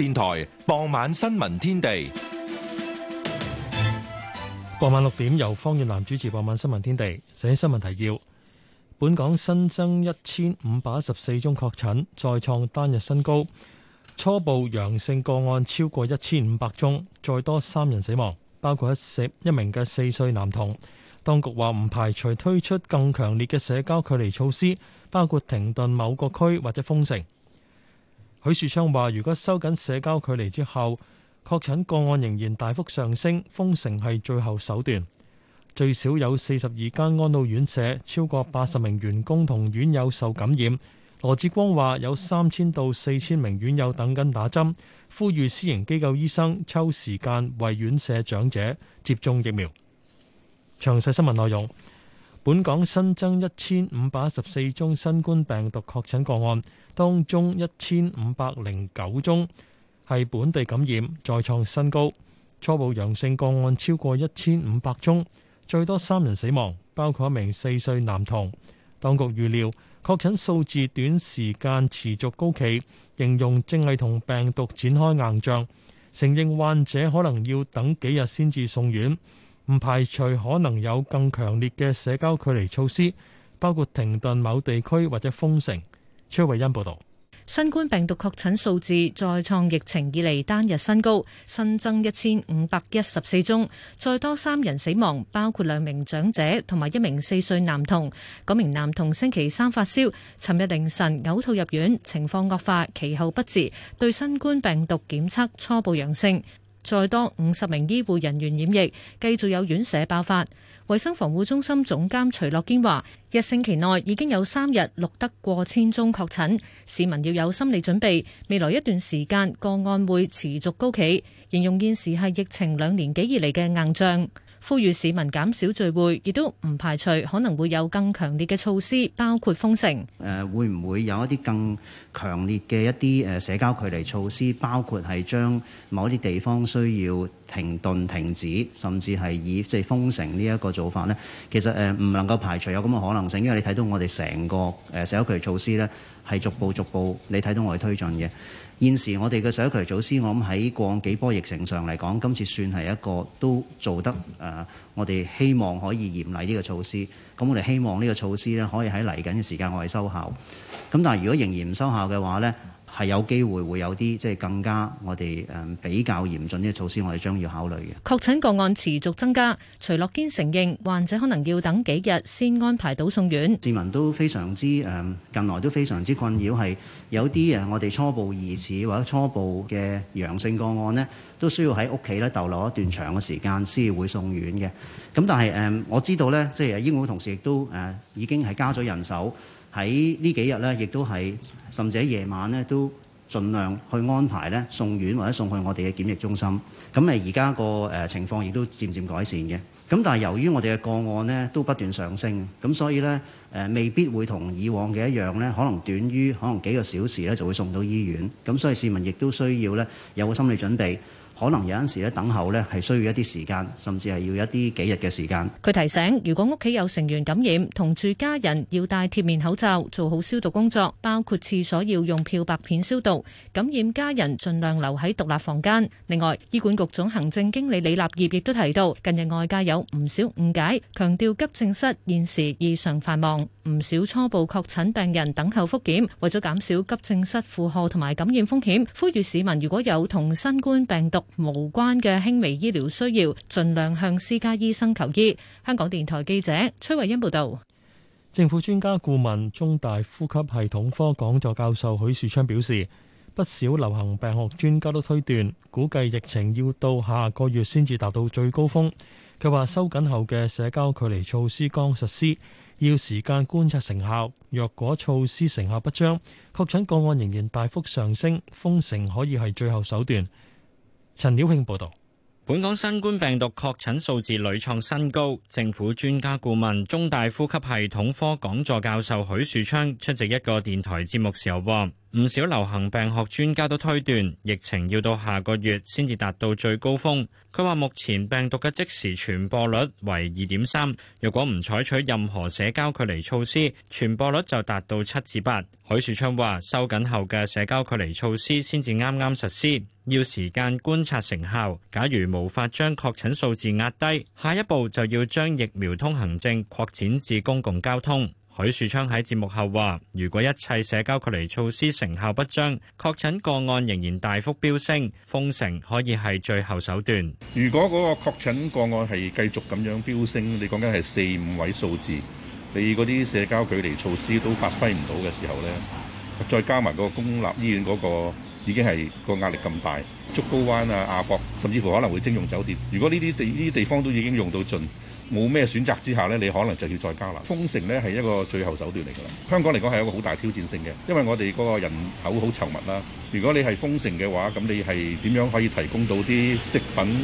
電台傍晚新聞天地，傍晚六點由方遠南主持。傍晚新聞天地，寫新聞提要：本港新增一千五百一十四宗確診，再創單日新高。初步陽性個案超過一千五百宗，再多三人死亡，包括一四一名嘅四歲男童。當局話唔排除推出更強烈嘅社交距離措施，包括停頓某個區或者封城。許樹昌話，如果收緊社交距離之後，確診個案仍然大幅上升，封城係最後手段。最少有四十二間安老院舍超過八十名員工同院友受感染。羅志光話，有三千到四千名院友等緊打針，呼籲私營機構醫生抽時間為院舍長者接種疫苗。詳細新聞內容。本港新增一千五百一十四宗新冠病毒確診個案，當中一千五百零九宗係本地感染，再創新高。初步陽性個案超過一千五百宗，最多三人死亡，包括一名四歲男童。當局預料確診數字短時間持續高企，形容正係同病毒展開硬仗，承認患者可能要等幾日先至送院。唔排除可能有更強烈嘅社交距離措施，包括停頓某地區或者封城。崔慧欣報道：新冠病毒確診數字再創疫情以嚟單日新高，新增一千五百一十四宗，再多三人死亡，包括兩名長者同埋一名四歲男童。嗰名男童星期三發燒，尋日凌晨嘔吐入院，情況惡化，其後不治，對新冠病毒檢測初步陽性。再多五十名醫護人員染疫，繼續有院舍爆發。衛生防護中心總監徐樂堅話，一星期內已經有三日錄得過千宗確診，市民要有心理準備，未來一段時間，個案會持續高企，形容現時係疫情兩年幾以嚟嘅硬仗。呼籲市民減少聚會，亦都唔排除可能會有更強烈嘅措施，包括封城。誒，會唔會有一啲更強烈嘅一啲誒社交距離措施，包括係將某啲地方需要停頓、停止，甚至係以即係封城呢一個做法呢？其實誒，唔能夠排除有咁嘅可能性，因為你睇到我哋成個誒社交距離措施咧，係逐步逐步，你睇到我哋推進嘅。現時我哋嘅社期措施，我諗喺過幾波疫情上嚟講，今次算係一個都做得誒、呃，我哋希望可以嚴厲呢個措施。咁我哋希望呢個措施咧，可以喺嚟緊嘅時間我係收效。咁但係如果仍然唔收效嘅話呢？係有機會會有啲即係更加我哋誒比較嚴峻啲嘅措施，我哋將要考慮嘅。確診個案持續增加，徐樂堅承認患者可能要等幾日先安排到送院。市民都非常之誒，近來都非常之困擾，係有啲誒我哋初步疑似或者初步嘅陽性個案呢，都需要喺屋企咧逗留一段長嘅時間先會送院嘅。咁但係誒、嗯，我知道咧，即係醫護同事亦都誒、啊、已經係加咗人手。喺呢幾日咧，亦都係甚至喺夜晚咧，都盡量去安排咧送院或者送去我哋嘅檢疫中心。咁誒而家個誒情況亦都漸漸改善嘅。咁但係由於我哋嘅個案咧都不斷上升，咁所以咧誒未必會同以往嘅一樣咧，可能短於可能幾個小時咧就會送到醫院。咁所以市民亦都需要咧有個心理準備。可能有陣時咧等候咧係需要一啲時間，甚至係要一啲幾日嘅時間。佢提醒，如果屋企有成員感染，同住家人要戴貼面口罩，做好消毒工作，包括廁所要用漂白片消毒。感染家人盡量留喺獨立房間。另外，醫管局總行政經理李立業亦都提到，近日外界有唔少誤解，強調急症室現時異常繁忙，唔少初步確診病人等候復檢。為咗減少急症室負荷同埋感染風險，呼籲市民如果有同新冠病毒無關嘅輕微醫療需要，盡量向私家醫生求醫。香港電台記者崔慧欣報道。政府專家顧問、中大呼吸系統科講座教授許樹昌表示，不少流行病學專家都推斷，估計疫情要到下個月先至達到最高峰。佢話收緊後嘅社交距離措施剛實施，要時間觀察成效。若果措施成效不彰，確診個案仍然大幅上升，封城可以係最後手段。陳曉慶報道，本港新冠病毒確診數字屢創新高，政府專家顧問、中大呼吸系統科講座教授許樹昌出席一個電台節目時候話。唔少流行病學專家都推斷疫情要到下個月先至達到最高峰。佢話目前病毒嘅即時傳播率為二點三，如果唔採取任何社交距離措施，傳播率就達到七至八。許樹昌話收緊後嘅社交距離措施先至啱啱實施，要時間觀察成效。假如無法將確診數字壓低，下一步就要將疫苗通行證擴展至公共交通。許樹昌喺節目後話，如果一切社交距離措施成效不彰，確診個案仍然大幅飆升，封城可以係最後手段。如果嗰個確診個案係繼續咁樣飆升，你講緊係四五位數字，你嗰啲社交距離措施都發揮唔到嘅時候呢，再加埋個公立醫院嗰個已經係個壓力咁大，竹篙灣啊、亞博，甚至乎可能會徵用酒店。如果呢啲地呢啲地方都已經用到盡，冇咩選擇之下呢，你可能就要再加辣。封城呢係一個最後手段嚟㗎啦。香港嚟講係一個好大挑戰性嘅，因為我哋嗰個人口好稠密啦。如果你係封城嘅話，咁你係點樣可以提供到啲食品？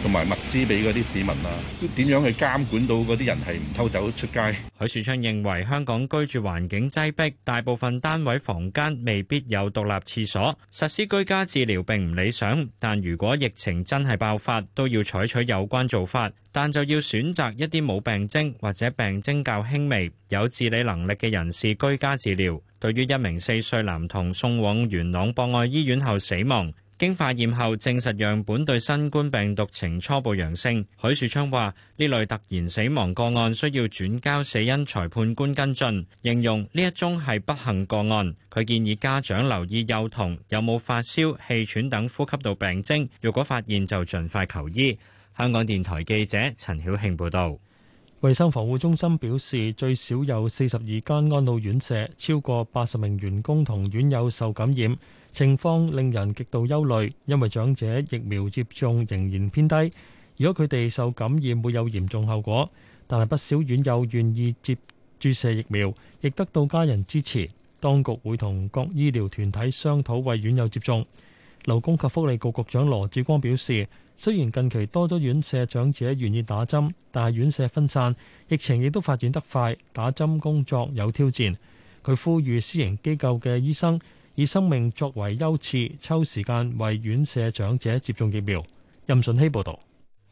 同埋物資俾嗰啲市民啊，都點樣去監管到嗰啲人係唔偷走出街？許樹昌認為香港居住環境擠迫，大部分單位房間未必有獨立廁所，實施居家治療並唔理想。但如果疫情真係爆發，都要採取有關做法，但就要選擇一啲冇病徵或者病徵較輕微、有自理能力嘅人士居家治療。對於一名四歲男童送往元朗博愛醫院後死亡，經化驗後證實樣本對新冠病毒呈初步陽性。許樹昌話：呢類突然死亡個案需要轉交死因裁判官跟進。形容呢一宗係不幸個案。佢建議家長留意幼童有冇發燒、氣喘等呼吸道病徵，如果發現就盡快求醫。香港電台記者陳曉慶報道。衛生防護中心表示，最少有四十二間安老院舍，超過八十名員工同院友受感染。情況令人極度憂慮，因為長者疫苗接種仍然偏低。如果佢哋受感染，會有嚴重後果。但係不少院友願意接注射疫苗，亦得到家人支持。當局會同各醫療團體商討為院友接種。勞工及福利局局長羅志光表示，雖然近期多咗院舍長者願意打針，但係院舍分散，疫情亦都發展得快，打針工作有挑戰。佢呼籲私營機構嘅醫生，以生命作為優次，抽時間為院舍長者接種疫苗。任順希報道。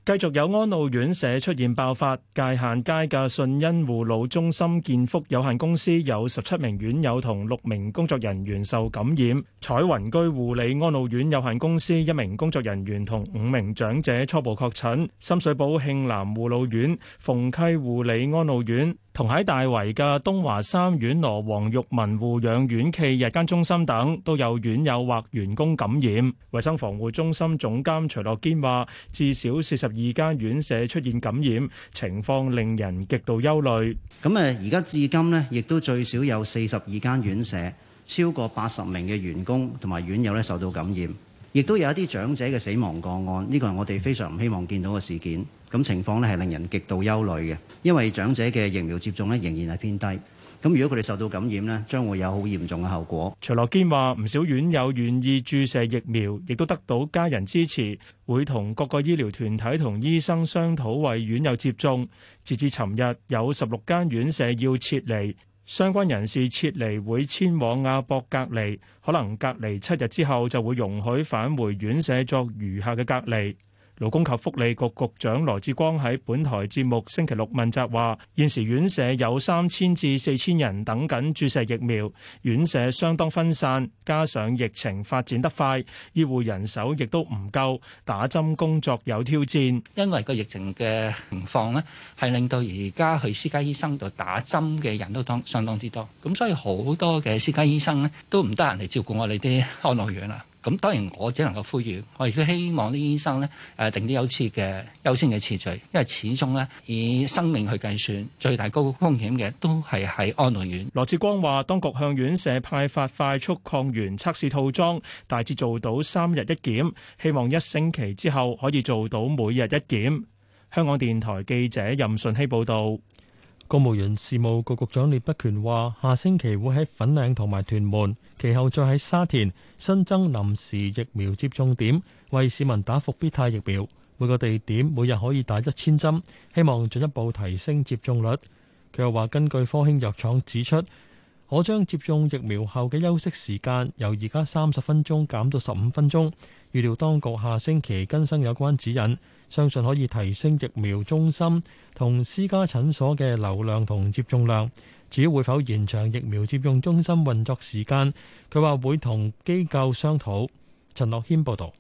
繼續有安老院舍出現爆發，界限街嘅順恩護老中心建福有限公司有十七名院友同六名工作人員受感染。彩雲居護理安老院有限公司一名工作人員同五名長者初步確診。深水埗慶南護老院、鳳溪護理安老院。同喺大圍嘅東華三院羅王玉文護養院企、暨日間中心等，都有院友或員工感染。衛生防護中心總監徐樂堅話：至少四十二間院舍出現感染，情況令人極度憂慮。咁啊，而家至今咧，亦都最少有四十二間院舍，超過八十名嘅員工同埋院友咧受到感染，亦都有一啲長者嘅死亡個案。呢個係我哋非常唔希望見到嘅事件。咁情況呢係令人極度憂慮嘅，因為長者嘅疫苗接種呢仍然係偏低。咁如果佢哋受到感染呢，將會有好嚴重嘅後果。徐樂堅話：唔少院友願意注射疫苗，亦都得到家人支持，會同各個醫療團體同醫生商討為院友接種。截至尋日，有十六間院舍要撤離，相關人士撤離會遷往亞博隔離，可能隔離七日之後就會容許返回院舍作餘下嘅隔離。勞工及福利局局長羅志光喺本台節目星期六問責話：現時院舍有三千至四千人等緊注射疫苗，院舍相當分散，加上疫情發展得快，醫護人手亦都唔夠，打針工作有挑戰。因為個疫情嘅情況呢係令到而家去私家醫生度打針嘅人都當相當之多，咁所以好多嘅私家醫生咧都唔得閒嚟照顧我哋啲安老院啦。咁當然我只能夠呼籲，我亦都希望啲醫生咧，誒定啲有次嘅優先嘅次序，因為始終咧以生命去計算，最大高風險嘅都係喺安老院。羅致光話：當局向院舍派發快速抗原測試套裝，大致做到三日一檢，希望一星期之後可以做到每日一檢。香港電台記者任順希報導。公務員事務局局長聶德權話：下星期會喺粉嶺同埋屯門，其後再喺沙田新增臨時疫苗接種點，為市民打復必泰疫苗。每個地點每日可以打一千針，希望進一步提升接種率。佢又話：根據科興藥廠指出，可將接種疫苗後嘅休息時間由而家三十分鐘減到十五分鐘。預料當局下星期更新有關指引。相信可以提升疫苗中心同私家診所嘅流量同接種量。至於會否延長疫苗接種中心運作時間，佢話會同機構商討。陳樂軒報導，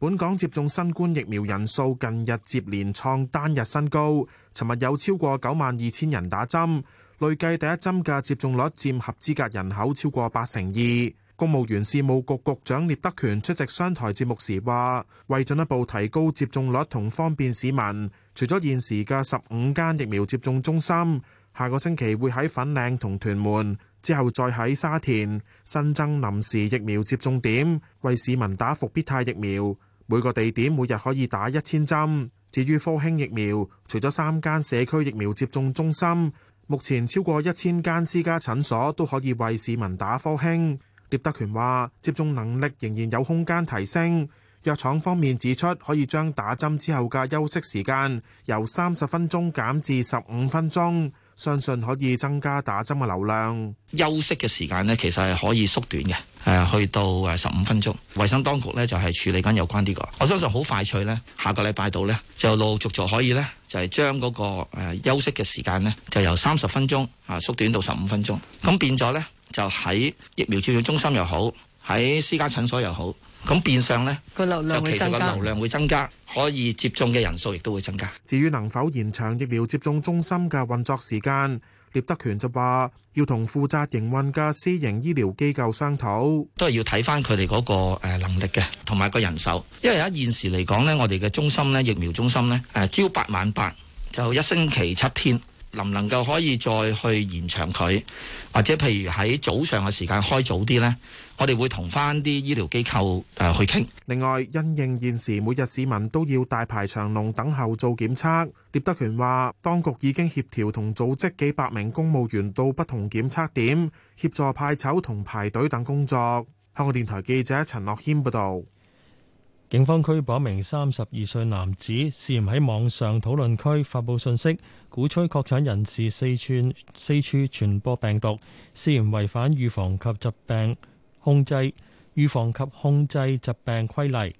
本港接種新冠疫苗人數近日接連創單日新高，尋日有超過九萬二千人打針，累計第一針嘅接種率佔合資格人口超過八成二。公務員事務局局長聶德權出席商台節目時話，為進一步提高接種率同方便市民，除咗現時嘅十五間疫苗接種中心，下個星期會喺粉嶺同屯門，之後再喺沙田新增臨時疫苗接種點，為市民打復必泰疫苗。每個地點每日可以打一千針。至於科興疫苗，除咗三間社區疫苗接種中心，目前超過一千間私家診所都可以為市民打科興。聶德權話：接種能力仍然有空間提升。藥廠方面指出，可以將打針之後嘅休息時間由三十分鐘減至十五分鐘，相信可以增加打針嘅流量。休息嘅時間咧，其實係可以縮短嘅，係啊，去到誒十五分鐘。衛生當局咧就係處理緊有關呢個，我相信好快脆咧，下個禮拜度咧就陸陸續續可以咧就係將嗰個誒休息嘅時間咧就由三十分鐘啊縮短到十五分鐘，咁變咗咧。就喺疫苗接種中心又好，喺私家診所又好，咁變相咧，流量 就其個流，流量會增加，可以接種嘅人數亦都會增加。至於能否延長疫苗接種中心嘅運作時間，聶德權就話要同負責營運嘅私營醫療機構商討，都係要睇翻佢哋嗰個誒能力嘅，同埋個人手。因為喺現時嚟講呢，我哋嘅中心呢，疫苗中心呢，誒朝八晚八，就一星期七天。能唔能夠可以再去延長佢，或者譬如喺早上嘅時間開早啲咧？我哋會同翻啲醫療機構誒去傾。另外，因應現時每日市民都要大排長龍等候做檢測，聶德權話當局已經協調同組織幾百名公務員到不同檢測點協助派籌同排隊等工作。香港電台記者陳樂謙報道。警方拘捕一名三十二歲男子，涉嫌喺網上討論區發布信息，鼓吹確診人士四寸四處傳播病毒，涉嫌違反預防及疾病控制、預防及控制疾病規例。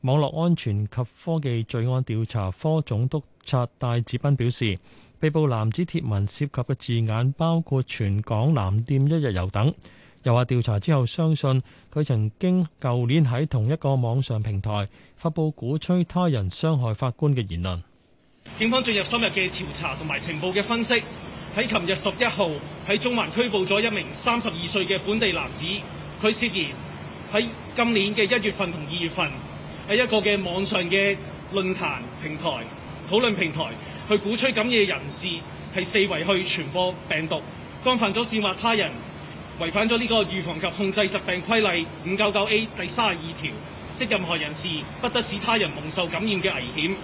網絡安全及科技罪案調查科總督察戴志斌表示，被捕男子貼文涉及嘅字眼包括全港藍店一日遊等。又話調查之後，相信佢曾經舊年喺同一個網上平台發布鼓吹他人傷害法官嘅言論。警方進入深入嘅調查同埋情報嘅分析，喺琴日十一號喺中環拘捕咗一名三十二歲嘅本地男子，佢涉嫌喺今年嘅一月份同二月份喺一個嘅網上嘅論壇平台、討論平台去鼓吹噉嘅人士係四圍去傳播病毒，干犯咗煽惑他人。違反咗呢個預防及控制疾病規例五九九 a 第三十二條，即任何人士不得使他人蒙受感染嘅危險。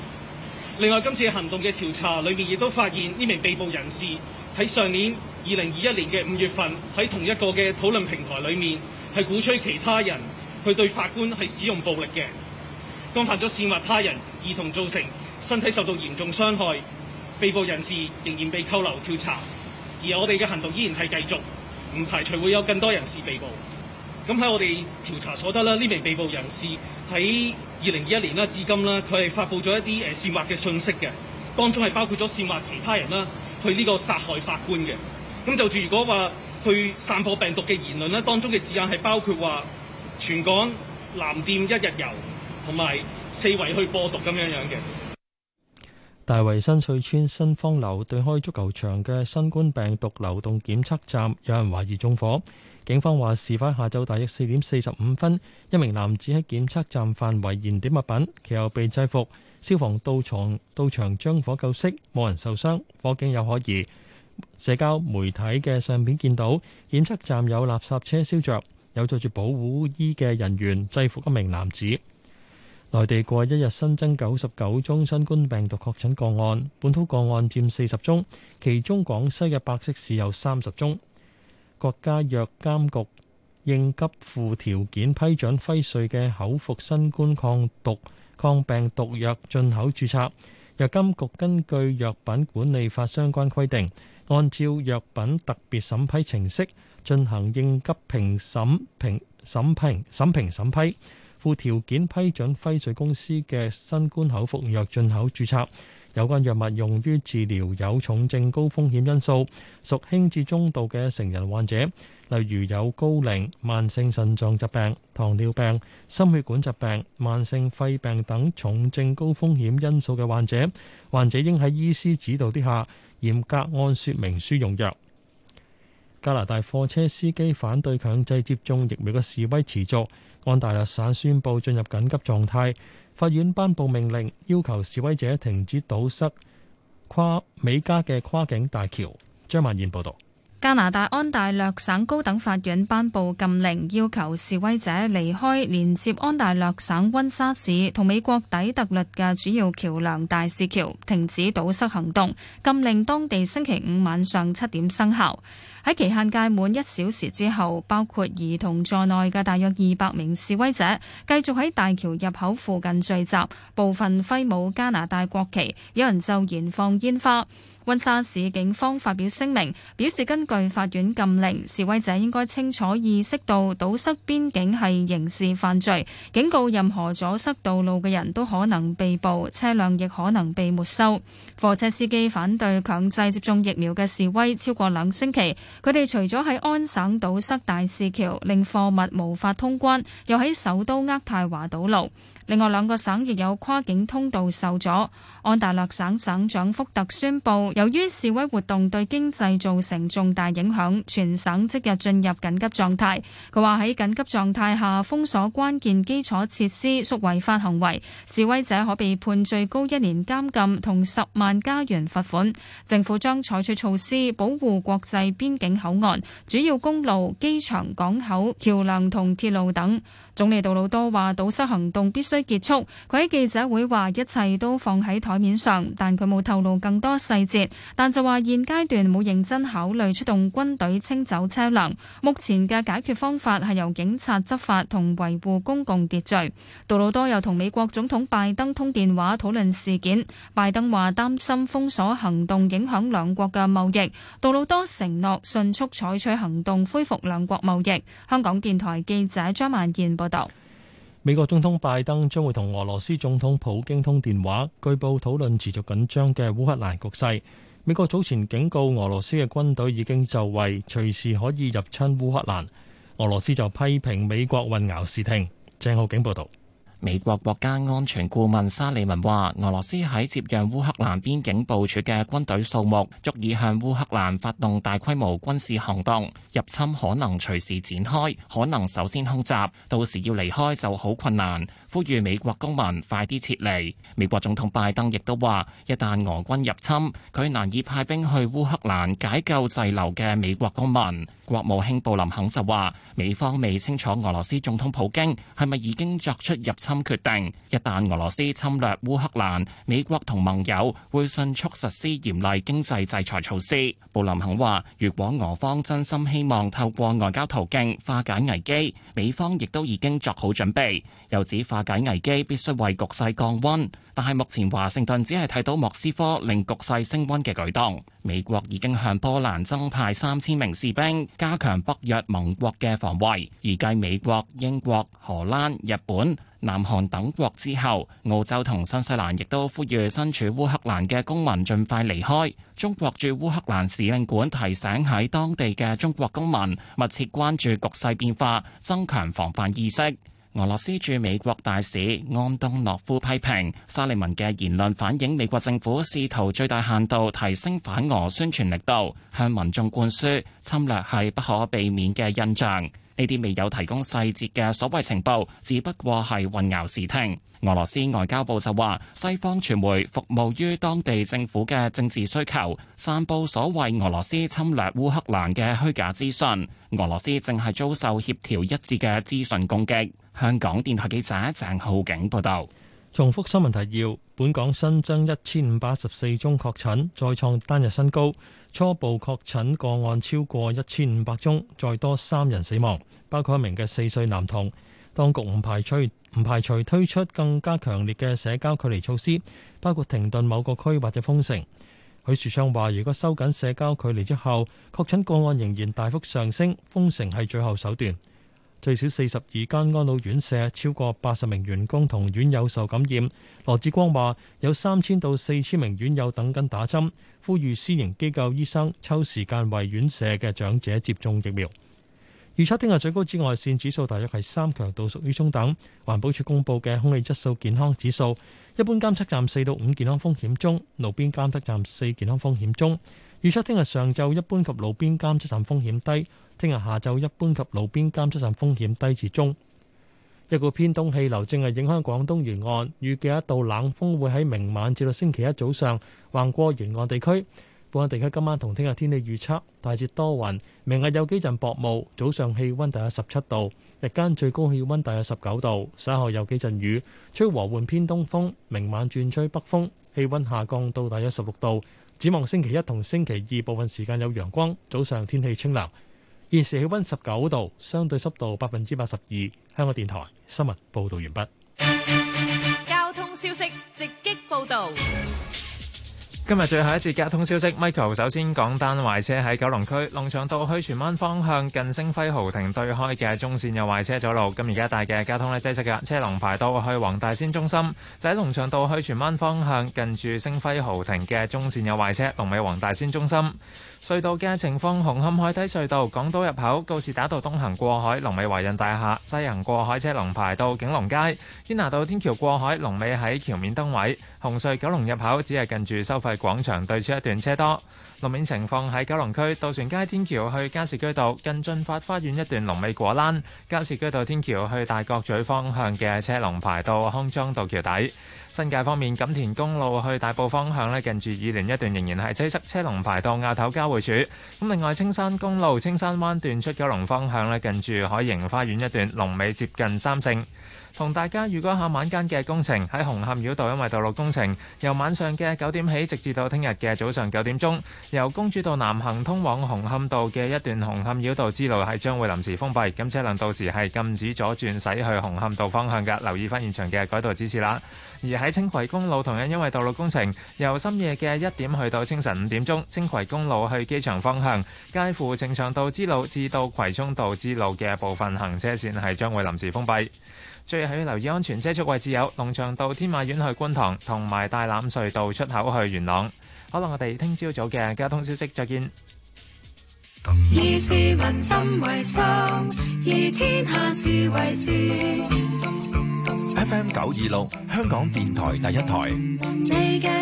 另外，今次行動嘅調查裏面亦都發現呢名被捕人士喺上年二零二一年嘅五月份喺同一個嘅討論平台裏面係鼓吹其他人去對法官係使用暴力嘅，干犯咗煽惑他人，而同造成身體受到嚴重傷害。被捕人士仍然被扣留調查，而我哋嘅行動依然係繼續。唔排除會有更多人士被捕。咁喺我哋調查所得啦，呢名被捕人士喺二零二一年啦至今啦，佢係發布咗一啲誒煽惑嘅訊息嘅，當中係包括咗煽惑其他人啦，去呢個殺害法官嘅。咁就住如果話去散播病毒嘅言論咧，當中嘅字眼係包括話全港藍店一日遊同埋四圍去播毒咁樣樣嘅。大圍新翠邨新芳樓對開足球場嘅新冠病毒流動檢測站有人懷疑縱火，警方話事發下晝大約四點四十五分，一名男子喺檢測站範圍燃點物品，其後被制服，消防到場到場將火救熄，冇人受傷，火警有可疑。社交媒體嘅相片見到檢測站有垃圾車燒着，有着住保護衣嘅人員制服一名男子。內地過一日新增九十九宗新冠病毒確診個案，本土個案佔四十宗，其中廣西嘅百色市有三十宗。國家藥監局應急附條件批准輝瑞嘅口服新冠抗毒抗病毒藥進口註冊。藥監局根據藥品管理法相關規定，按照藥品特別審批程式進行應急評審、評審、評審評審批。附條件批准輝瑞公司嘅新冠口服藥進口註冊。有關藥物用於治療有重症高風險因素、屬輕至中度嘅成人患者，例如有高齡、慢性腎臟疾病、糖尿病、心血管疾病、慢性肺病等重症高風險因素嘅患者，患者應喺醫師指導之下，嚴格按說明書用藥。加拿大貨車司機反對強制接種疫苗嘅示威持續。安大略省宣布進入緊急狀態，法院頒布命令，要求示威者停止堵塞跨美加嘅跨境大橋。張曼燕報道，加拿大安大略省高等法院頒布禁令，要求示威者離開連接安大略省溫莎市同美國底特律嘅主要橋梁大使橋，停止堵塞行動。禁令當地星期五晚上七點生效。.喺期限屆滿一小時之後，包括兒童在內嘅大約二百名示威者繼續喺大橋入口附近聚集，部分揮舞加拿大國旗，有人就燃放煙花。溫莎市警方發表聲明表示，根據法院禁令，示威者應該清楚意識到堵塞邊境係刑事犯罪，警告任何阻塞道路嘅人都可能被捕，車輛亦可能被沒收。貨車司機反對強制接種疫苗嘅示威超過兩星期。佢哋除咗喺安省堵塞大使橋，令貨物無法通關，又喺首都渥太華堵路。另外兩個省亦有跨境通道受阻。安大略省省長福特宣布，由於示威活動對經濟造成重大影響，全省即日進入緊急狀態，佢話喺緊急狀態下，封鎖關鍵基礎設施屬違法行為，示威者可被判最高一年監禁同十萬加元罰款。政府將採取措施保護國際邊境口岸、主要公路、機場、港口、橋樑同鐵路等。總理杜魯多話堵塞行動必須結束。佢喺記者會話一切都放喺台面上，但佢冇透露更多細節。但就話現階段冇認真考慮出動軍隊清走車輛。目前嘅解決方法係由警察執法同維護公共秩序。杜魯多又同美國總統拜登通電話，討論事件。拜登話擔心封鎖行動影響兩國嘅貿易。杜魯多承諾迅速採取行動，恢復兩國貿易。香港電台記者張萬賢報。美國總統拜登將會同俄羅斯總統普京通電話，據報討論持續緊張嘅烏克蘭局勢。美國早前警告俄羅斯嘅軍隊已經就位，隨時可以入侵烏克蘭。俄羅斯就批評美國混淆視聽。鄭浩景報道。美國國家安全顧問沙利文話：俄羅斯喺接壤烏克蘭邊境部署嘅軍隊數目足以向烏克蘭發動大規模軍事行動，入侵可能隨時展開，可能首先空襲，到時要離開就好困難。呼籲美國公民快啲撤離。美國總統拜登亦都話：一旦俄軍入侵，佢難以派兵去烏克蘭解救滯留嘅美國公民。國務卿布林肯就話：美方未清楚俄羅斯總統普京係咪已經作出入侵決定一旦俄羅斯侵略烏克蘭，美國同盟友會迅速實施嚴厲經濟制裁措施。布林肯話，如果俄方真心希望透過外交途徑化解危機，美方亦都已經作好準備。又指化解危機必須為局勢降温，但係目前華盛頓只係睇到莫斯科令局勢升温嘅舉動。美國已經向波蘭增派三千名士兵，加強北約盟國嘅防衛。而繼美國、英國、荷蘭、日本。南韓等國之後，澳洲同新西蘭亦都呼籲身處烏克蘭嘅公民盡快離開。中國駐烏克蘭使領館提醒喺當地嘅中國公民密切關注局勢變化，增強防範意識。俄羅斯駐美國大使安東諾夫批評沙利文嘅言論反映美國政府試圖最大限度提升反俄宣傳力度，向民眾灌輸侵略係不可避免嘅印象。呢啲未有提供細節嘅所謂情報，只不過係混淆視聽。俄羅斯外交部就話西方傳媒服務於當地政府嘅政治需求，散布所謂俄羅斯侵略烏克蘭嘅虛假資訊，俄羅斯正係遭受協調一致嘅資訊攻擊，香港電台記者鄭浩景報道。重複新聞提要：本港新增一千五百八十四宗確診，再創單日新高。初步確診個案超過一千五百宗，再多三人死亡，包括一名嘅四歲男童。當局唔排除唔排除推出更加強烈嘅社交距離措施，包括停頓某個區或者封城。許樹昌話：如果收緊社交距離之後，確診個案仍然大幅上升，封城係最後手段。最少四十二間安老院舍，超過八十名員工同院友受感染。羅志光話：有三千到四千名院友等緊打針，呼籲私營機構醫生抽時間為院舍嘅長者接種疫苗。預測聽日最高紫外線指數大約係三強度，屬於中等。環保署公佈嘅空氣質素健康指數，一般監測站四到五健康風險中，路邊監測站四健康風險中。預測聽日上晝一般及路邊監測站風險低，聽日下晝一般及路邊監測站風險低至中。一股偏東氣流正係影響廣東沿岸，預計一道冷鋒會喺明晚至到星期一早上橫過沿岸地區。本港地區今晚同聽日天氣預測大致多雲，明日有幾陣薄霧，早上氣溫大約十七度，日間最高氣溫大約十九度，稍後有幾陣雨，吹和緩偏東風，明晚轉吹北風，氣溫下降到大約十六度。展望星期一同星期二部分時間有陽光，早上天氣清涼，現時氣溫十九度，相對濕度百分之八十二。香港電台新聞報道完畢。交通消息直擊報道。今日最後一節交通消息，Michael 首先講單壞車，喺九龍區龍翔道去荃灣方向，近星輝豪庭對開嘅中線有壞車阻路，咁而家大嘅交通呢，擠塞㗎，車龍排到去黃大仙中心。就喺龍翔道去荃灣方向，近住星輝豪庭嘅中線有壞車，龍尾黃大仙中心。隧道嘅情況：紅磡海底隧道港島入口，告士打道東行過海龍尾華潤大廈，西行過海車龍排到景隆街，堅拿道天橋過海龍尾喺橋面燈位。紅隧九龍入口只係近住收費廣場對出一段車多。路面情況喺九龍區渡船街天橋去加士居道近駿發花園一段龍尾果欄，加士居道天橋去大角咀方向嘅車龍排到康莊道橋底。新界方面，錦田公路去大埔方向咧，近住二聯一段仍然係擠塞，車龍排到亞頭交匯處。咁另外，青山公路青山灣段出九龍方向咧，近住海盈花園一段龍尾接近三聖。同大家預告下晚間嘅工程，喺紅磡繞道，因為道路工程，由晚上嘅九點起，直至到聽日嘅早上九點鐘，由公主道南行通往紅磡道嘅一段紅磡繞道之路係將會臨時封閉，咁車輛到時係禁止左轉駛去紅磡道方向嘅。留意翻現場嘅改道指示啦。而喺青葵公路，同樣因為道路工程，由深夜嘅一點去到清晨五點鐘，青葵公路去機場方向，介乎正常道之路至到葵涌道之路嘅部分行車線係將會臨時封閉。最係要留意安全車速位置有龍翔道天馬苑去觀塘，同埋大欖隧道出口去元朗。可能我哋聽朝早嘅交通消息，再見。以市民心為心，以天下事為事。FM 九二六，香港電台第一台。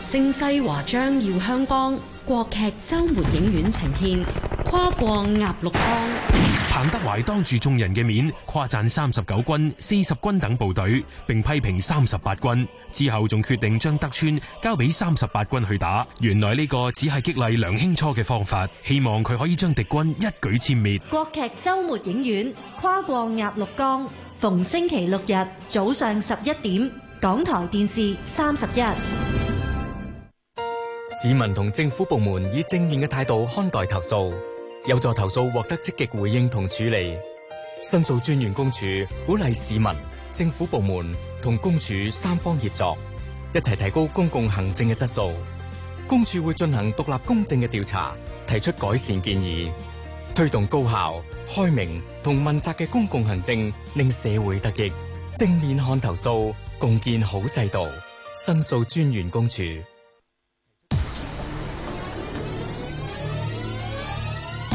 盛世華章耀香港，國劇周末影院呈現，跨過鴨綠江。彭德懷當住眾人嘅面誇讚三十九軍、四十軍等部隊，並批評三十八軍。之後仲決定將德川交俾三十八軍去打。原來呢個只係激勵梁興初嘅方法，希望佢可以將敵軍一舉殲滅。國劇周末影院跨過鴨綠江，逢星期六日早上十一點，港台電視三十一。市民同政府部門以正面嘅態度看待投訴，有助投訴獲得積極回應同處理，申訴專員公署鼓勵市民、政府部門同公署三方協作，一齊提高公共行政嘅質素。公署會進行獨立公正嘅調查，提出改善建議，推動高效、開明同問責嘅公共行政，令社會得益。正面看投訴，共建好制度。申訴專員公署。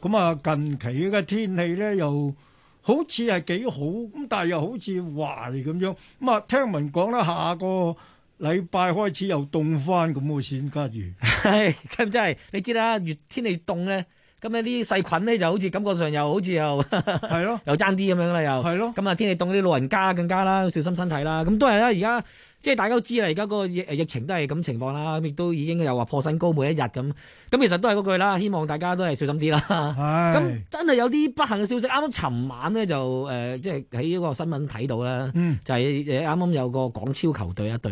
咁啊，近期嘅天氣咧，又好似係幾好，咁但係又好似壞咁樣。咁啊，聽聞講啦，下個禮拜開始又凍返咁嘅先， 不如係真真係？你知啦，越天氣越凍咧，咁咧啲細菌咧就好似感覺上又好似又係咯 的， 又爭啲咁樣啦，又係咯。咁啊、嗯，天氣凍啲老人家更加啦，要小心身體啦。咁都係啦，而家。即係大家都知啦，而家個個疫疫情都係咁情況啦，亦都已經又話破新高每一日咁，咁其實都係句啦，希望大家都係小心啲啦。咁是真係有啲不幸嘅消息，啱啱尋晚咧就誒即係喺呢個新聞睇到啦，嗯、就係誒啱啱有個港超球隊一隊。